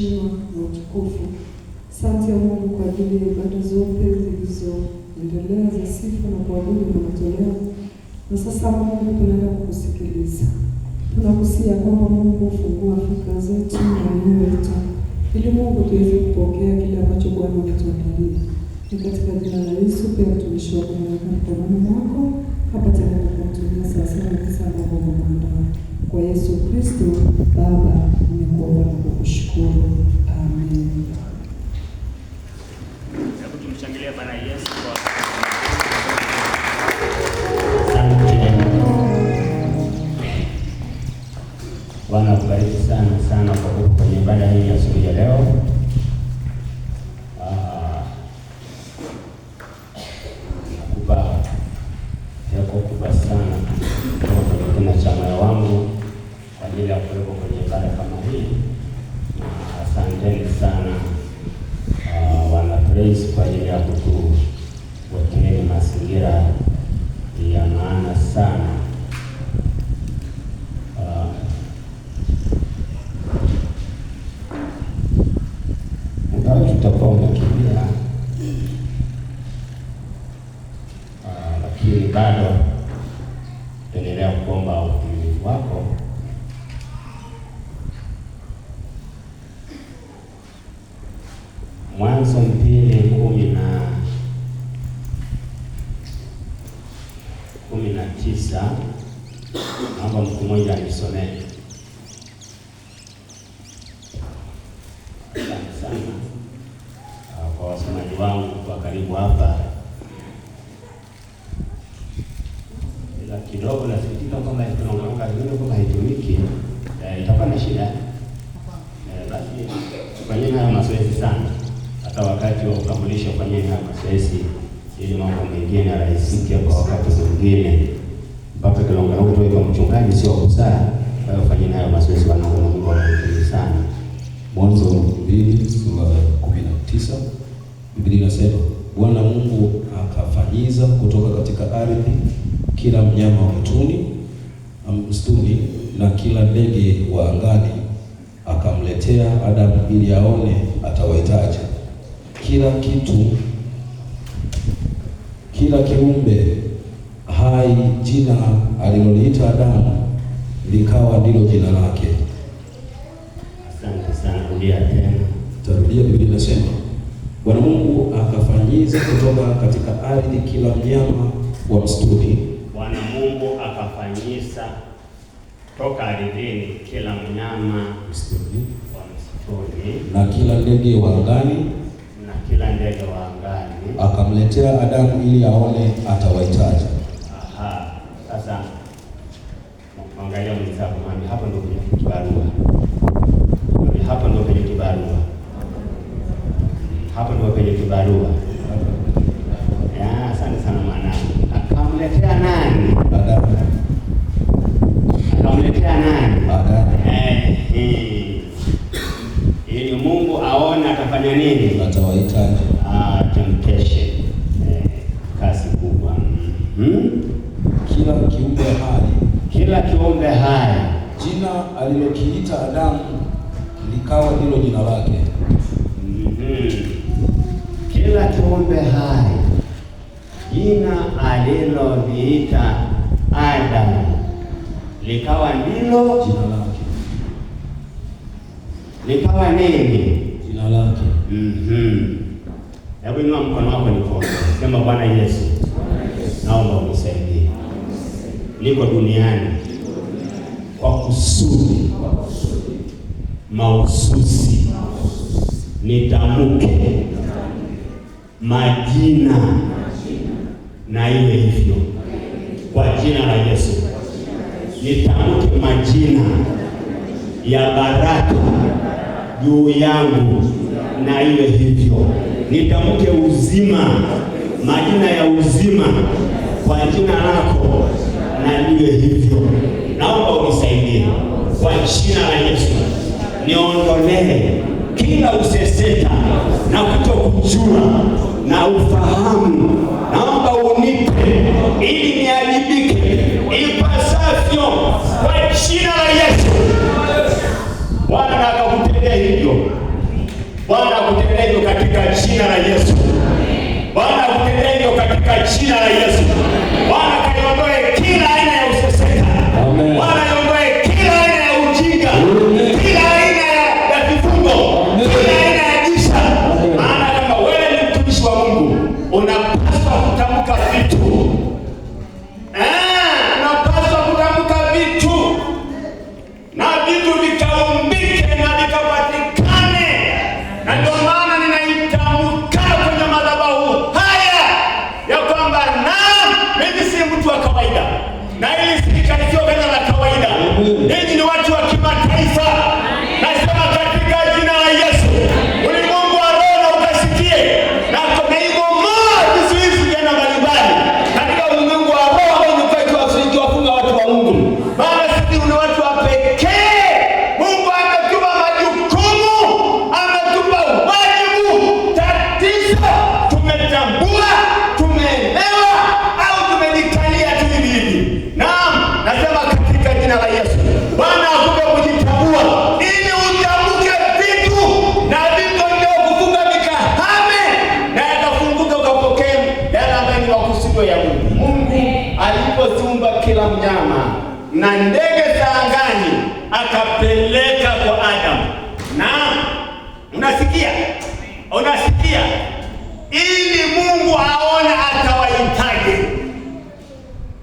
heshima na utukufu. Asante Mungu kwa ajili ya ibada zote zilizoendelea za sifa na kuabudu na matoleo. Na sasa Mungu, tunaenda kukusikiliza, tunakusia kwamba Mungu ufungua fikra zetu na mioyo yetu, ili Mungu tuweze kupokea kile ambacho Bwana ametuandalia. Ni katika jina la Yesu pia mtumishi wako naweka mkononi mwako hapa tena kwa saa sawasawa na kisa ambavyo umeandaa kwa Yesu Kristo Baba Mungu kukushukuru. Amen. bado tuendelea kuomba utulivu wako Mwanzo mbili kumi na kumi na tisa naomba mtu mmoja anisomee. Asante sana uh, kwa wasomaji wangu kwa karibu hapo. kesi ili mambo mengine yarahisike kwa wakati mwingine, mpaka kilongalonga tu kwa mchungaji sio busara, Kwa hiyo fanyeni hayo mazoezi wanangu, na Mungu awabariki sana. Mwanzo mbili sura ya 19 Biblia inasema Bwana Mungu akafanyiza kutoka katika ardhi kila mnyama wa mtuni um, msituni na kila ndege wa angani, akamletea Adamu ili aone atawaitaje. Kila kitu kila kiumbe hai jina aliloliita Adamu likawa ndilo jina lake. Asante sana, rudia tena. Tarudia, Biblia inasema Bwana Mungu akafanyiza kutoka katika ardhi kila mnyama wa msituni. Bwana Mungu akafanyiza toka ardhini kila mnyama msituni wa msituni, na kila ndege wa angani, na kila ndege wa akamletea Adamu ili aone atawahitaji. Aha, sasa angalia mwenzako, mami, hapa ndo kwenye kibarua, hapa ndo kwenye kibarua, hapa ndo kwenye kibarua kiumbe hai, kila kiumbe hai. Jina alilokiita Adamu likawa hilo jina lake. mm -hmm. Kila kiumbe hai, jina aliloliita Adamu likawa ndilo jina lake. Likawa nini? Jina lake. mm Hebu -hmm. inua mkono wako nikuombe, sema Bwana Yesu, naomba unisaidie liko duniani kwa kusudi mahususi nitamke majina na iwe hivyo kwa jina la Yesu. Nitamke majina ya baraka juu yangu na iwe hivyo. Nitamke uzima, majina ya uzima kwa jina lako na niwe hivyo. Naomba unisaidie kwa jina la Yesu, niondolee kila useseta na kutokujua na ufahamu. Naomba unipe ili niadibike ipasavyo kwa jina la Yesu. Bwana akakutendea hivyo, Bwana akutendea hivyo katika jina la Yesu. Bwana akutendea hivyo katika jina la Yesu. Bwana kila mnyama na ndege za angani akapeleka kwa Adamu. Na unasikia, unasikia, ili Mungu aone atawahitaji,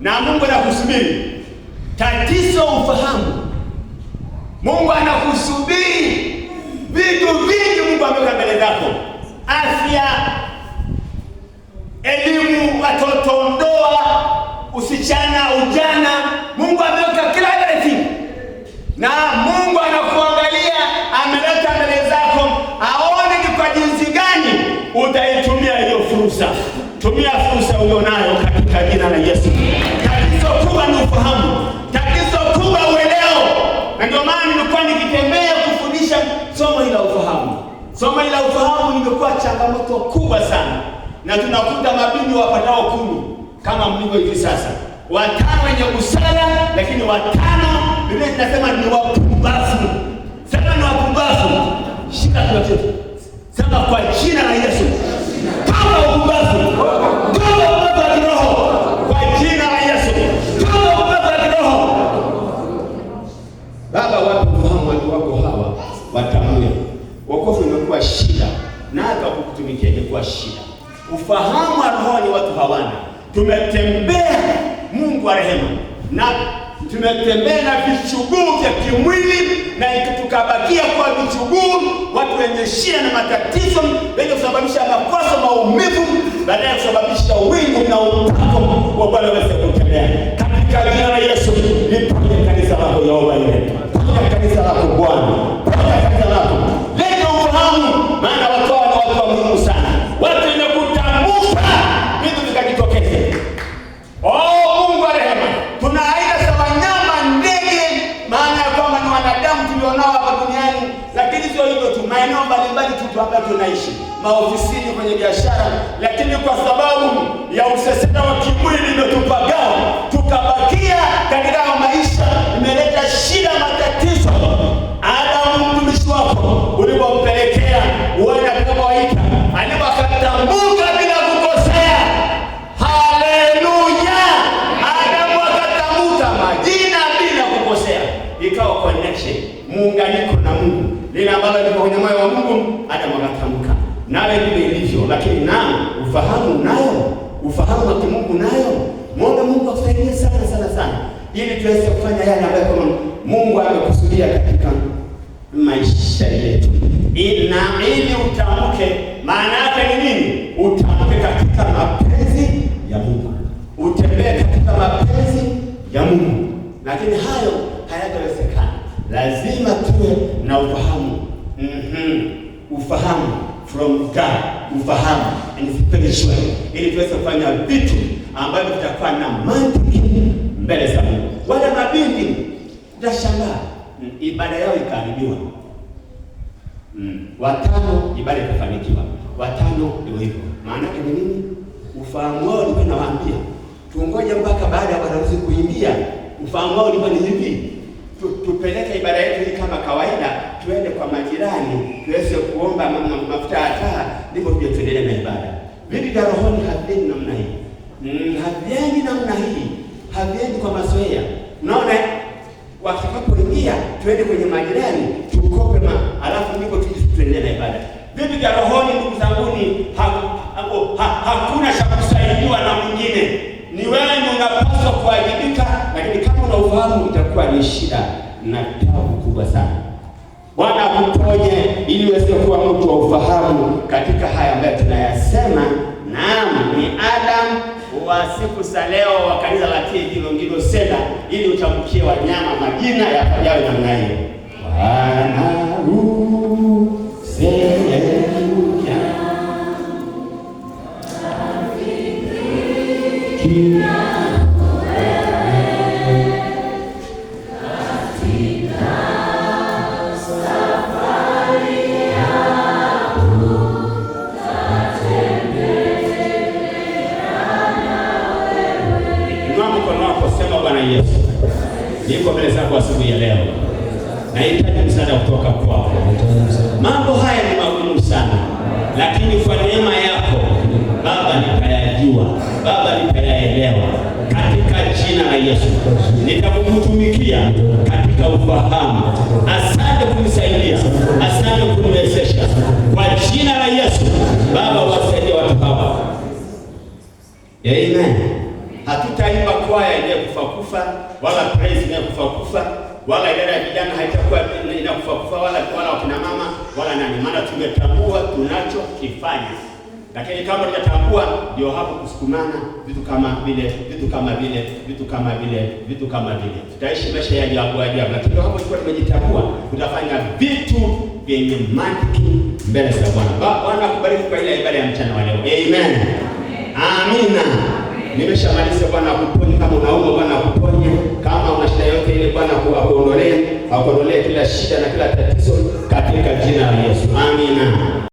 na Mungu anakusubiri. Tatizo ufahamu, Mungu anakusubiri vitu vingi, Mungu ameweka mbele zako la ufahamu imekuwa changamoto kubwa sana, na tunakuta mabibi wapatao kumi kama mlivyo hivi sasa, watano wenye busara, lakini watano Biblia inasema ni wapumbavu. Sema ni wapumbavu, shika kichwa, sema kwa jina la Yesu. ufahamu wa rohoni watu hawana. Tumetembea Mungu wa rehema, na tumetembea na vichuguu vya kimwili, na tukabakia kwa vichuguu, watu wenye shida na matatizo, wenye kusababisha makosa, maumivu, baadaye kusababisha wingu na utako wa Bwana wetu kutembea katika jina la Yesu. Liponye kanisa lako Yehova, ile kanisa lako Bwana hapa tunaishi, maofisini, kwenye biashara, lakini kwa sababu ya usesema wa kimwili limetupaga tukabakia katika maisha, imeleta shida, matatizo. Hata mtumishi wako ulipo Ufahamu unayo? Ufahamu wa kimungu unayo? Mwombe Mungu akusaidie sana sana sana, ili tuweze kufanya yale ambayo Mungu amekusudia katika maisha yetu. Ina ili utamke, maana yake ni nini? Utamke katika mapenzi ya Mungu, utembee katika mapenzi ya Mungu, lakini hayo hayatawezekana. Lazima tuwe na ufahamu. Mm -hmm. Ufahamu from God, ufahamu and spiritual, ili tuweze kufanya vitu ambavyo vitakuwa na mantiki mbele za Mungu. Wale mabinti ndashangaa mm, ibada yao ikaharibiwa. Mm. Watano ibada ikafanikiwa, watano ndio hivyo. Maana yake ni nini? Ufahamu wao ulikuwa nawaambia tungoje mpaka baada ya wanaruhusi kuingia. Ufahamu wao ulikuwa ni hivi vita rohoni haviendi namna hii mm, haviendi namna hii, haviendi kwa mazoea. Unaona, watakapoingia twende kwenye majirani tukope ma, alafu ndipo tuendelee na ibada. Vitu vya rohoni, ndugu zangu ha, ha, oh, ha, hakuna cha kusaidiwa na mwingine, ni wewe ndio unapaswa kuwajibika, lakini kama ufahamu itakuwa ni shida na tabu kubwa sana. Bwana akuponye ili uweze kuwa mtu wa ufahamu katika haya ambayo tunayasema. Naam, ni Adam wa siku za leo wa kanisa la TAG Longido Center, ili utamkie wanyama majina yapajayo namna hiyo. kusema Bwana Yesu, niko mbele zako asubuhi ya leo, nahitaji msaada kutoka kwako. Mambo haya ni magumu sana, lakini kwa neema yako Baba nikayajua, Baba nikayaelewa, katika jina la Yesu nitakukutumikia katika ufahamu. Asante kunisaidia, asante kuniwezesha, kwa jina la Yesu Baba, wasaidie watu hawa. Amen idara inayokufa kufa wala praise inayokufa kufa wala idara ya vijana haitakuwa inakufa kufa wala wala wakina mama wala nani, maana tumetambua tunachokifanya. Lakini kama tunatambua, ndio hapo kusukumana vitu kama vile vitu kama vile vitu kama vile vitu kama vile, tutaishi maisha ya ajabu ajabu. Lakini hapo tulikuwa tumejitambua, tutafanya vitu vyenye mantiki mbele za Bwana. Bwana akubariki kwa ile ibada ya mchana wa leo, amen, amina nimeshamaliza. Bwana akuponye, kama unaumwa Bwana akuponye, kama una shida yote ile Bwana akuondolee, akuondolee kila shida na kila tatizo katika jina la Yesu, amina.